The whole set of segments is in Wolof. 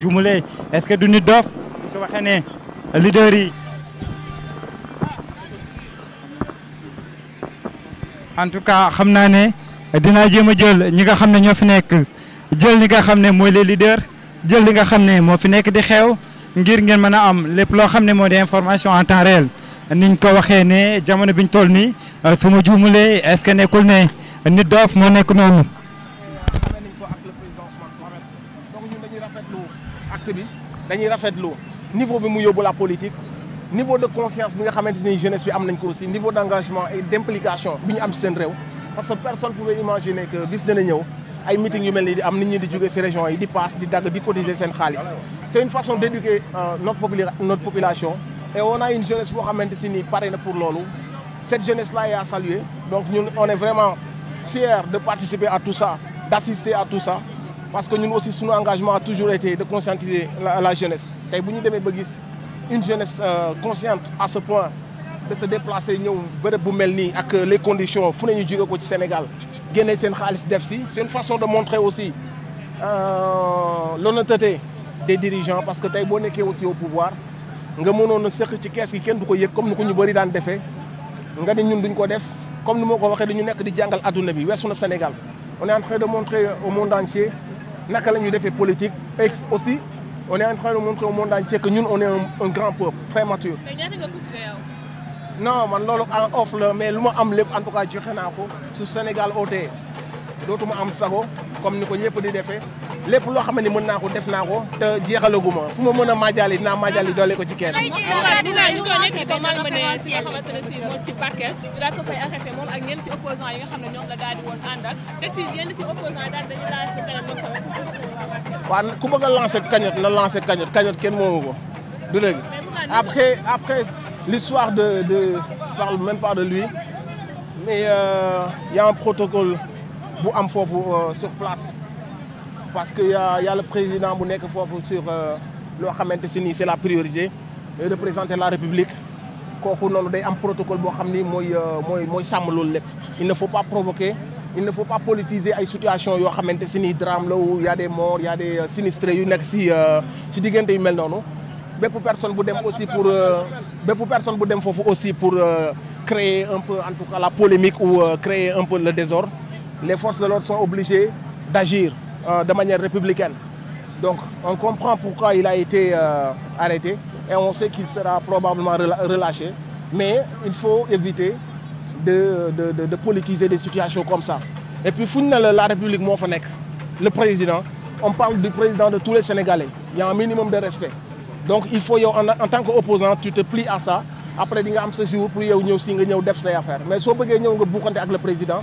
jumule est-ce que du nit dof bu ko waxee ne leader yi en tout cas xam naa ne dinaa jéem a jël ñi nga xam ne ñoo fi nekk jël li nga xam ne mooy les leaders jël li nga xam ne moo fi nekk di xew ngir ngeen mën a am lépp loo xam ne mooy di information en temps réel niñ ko waxee ne jamono biñ toll nii su ma jumulee est-ce que nekkul ne nit dof moo nekk noonu dañuy rafetlu acte bi dañuy rafetlu niveau bi mu yóbbu la politique niveau de conscience bi nga xamanteni jeunesse bi am nañ ko aussi niveau d'engagement et d'implication, implication bi ñu am si seen parce que personne pouvait imaginer que bis dana ñëw ay meeting yu melni di am nit ñi di jugé ces régions yi di paas di dag di cotiser sen xaalis c'est une façon d'éduquer euh, notre notre population et on a une jeunesse bo xamanteni si ni pare na pour lolu cette jeunesse là est à saluer donc ñun on est vraiment fier de participer à tout ça d'assister à tout ça parce que ñun aussi suñu engagement a toujours été de conscientiser la, jeunesse tey bu ñu ba gis une jeunesse euh, consciente à ce point de se déplacer ñëw nous, bu mel nii ak euh, les conditions fu ne ñu jóge ko ci Sénégal génne seen xaalis def c'est une façon de montrer aussi euh, l'honnêteté des dirigeants parce que tey boo nekkee aussi au pouvoir nga mënoon a sëq ci ce gi kenn du ko yëg comme ni ko ñu bëri daan defee nga ni ñun duñ ko def comme ni moo ko waxee dañu nekk di jàngal adduna bi weesu Sénégal on est en train de montrer au monde entier nous avons des politique aussi on est en train de montrer au monde entier que nous on est un, grand peuple très mature. non man en mais je en tout cas Sénégal d'autres comme nous connaissons pour di défait lépp lo xam ne mën naa ko def naa ko te jeexalaguma fu ma mën a maajaali dinaa maajaali doole ko ci kees. ñu ngi ko malmené si nga ci ne ci mo ci parquet ñu daal ko fay arrêté mom ak ñen ci opposants yi nga xam ne ñoom la daal di woon àndal te ci ñen ci opposants yi daal dañu lancé fa wa ku bëgg lancer lancé cagnotte na lancé cagnotte cagnotte kenn moomu ko du léegi après après l'histoire de de parle même pas de lui mais euh, y a un protocole bu am fofu euh, sur place parce qu'il y a le président qui a fait sur euh, le c'est la priorité président de la république Il y day un protocole boo le ni euh, il ne faut pas provoquer il ne faut pas politiser ay situation il xamante drame y a des morts il y a des euh, sinistrés yu ce si tu diggante yu mel mais pour personne dem aussi pour personne aussi pour créer un peu en tout cas la polémique ou créer un peu le désordre les forces de l'ordre sont obligées d'agir euh, de manière républicaine. Donc on comprend pourquoi il a été euh, arrêté et on sait qu'il sera probablement relâché. Mais il faut éviter de, politiser des situations comme ça. Et puis, la République, le président, on parle du président de tous les Sénégalais. Il y a un minimum de respect. Donc, il faut, en, en tant qu'opposant, tu te plies à ça. Après, tu a ce jour pour que tu aies faire. Mais si tu veux, avec le président.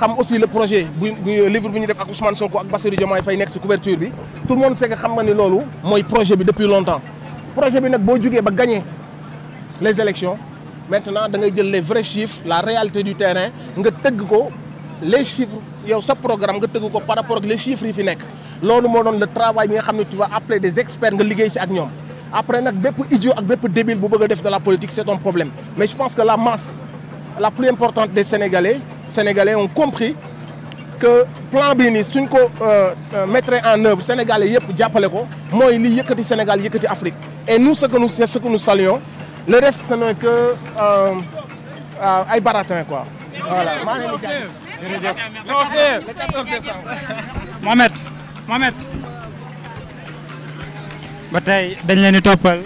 xam aussi le projet bu livre bi ñu def ak Ousmane Sonko ak Bassirou Diomaye couverture tout le monde sait que xam nga ni projet depuis longtemps le projet bi nak gagner gagné les élections maintenant da ngay jël les vrais chiffres la réalité du terrain nga teug ko les chiffres yow sa programme nga ko par rapport aux les chiffres yi fi nek lolu le travail bi nga tu vas appeler des experts nga liggéey ci ak après nak bép idiot ak bép débile bu bëgg def de la politique c'est un problème mais je pense que la masse la plus importante des Sénégalais sénégalais ont compris que plan Bini si suñ euh, euh, mettrait en œuvre sénégalais yëpp jàppale ko mooy que y Sénégal que Afrique et nous ce que nous ce que nous saluons le reste ce n'est que euh, ay baratin quoi voilà. Mohamed Mohamed ba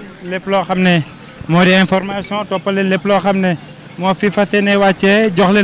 les information les leen